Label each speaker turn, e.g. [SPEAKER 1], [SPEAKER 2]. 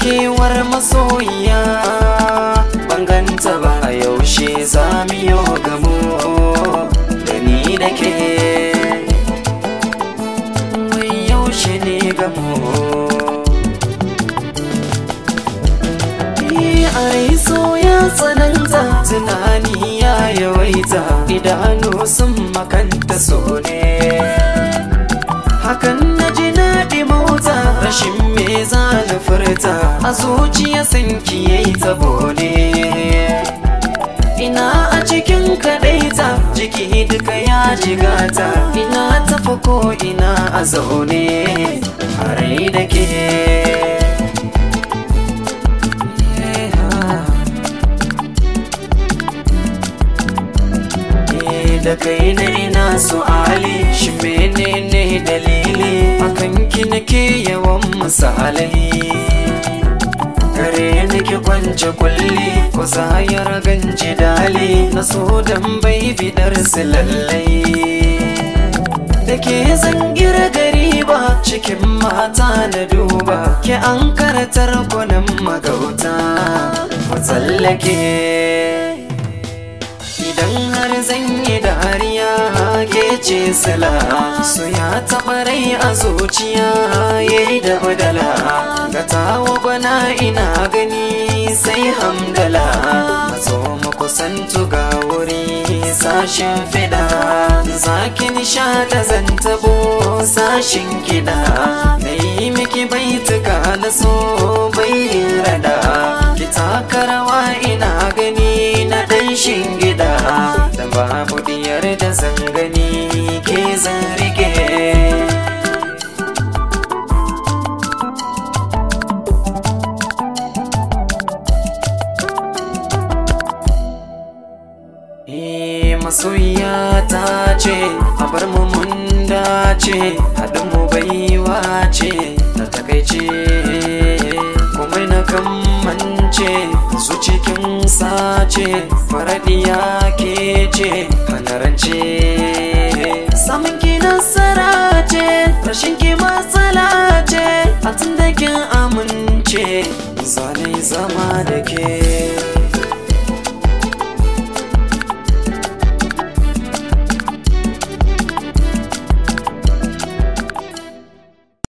[SPEAKER 1] kewar masoyiya banganta ba yaushe za mu hakan na ji naɗi mota rashin me za na furta a zuciya san ki yayi tabo ne ina a cikin kaɗaita jiki duka ya jigata ina tafa ko ina a zaune harai da ke da kai na ina su ali shi menene dalili akan ki nake yawan misalai kare ki kwance kulli ku zayar ganji dali na so dan bai bidar su lallai da ke zangir gari ba cikin mata na duba ke an karatar kunan magauta ku tsallake zanyi yi dariya ke ce sala su ya taɓa rai a zuciya ya yi da badala ga tawo bana ina gani sai hamdala mazo makusantu ga wuri sashen fida zaki nishada zan tabo sashen kiɗa na yi miki tuka na so bai zangani ke zan rike e, masoyiya ta ce a bar mu mun dace haɗin mu baiwa ce na takaice komai na kammance su cikin sace faradiya ke ce karance samun ki nasara ce rashin ki matsala ce a tun da kin amince zane zama da ke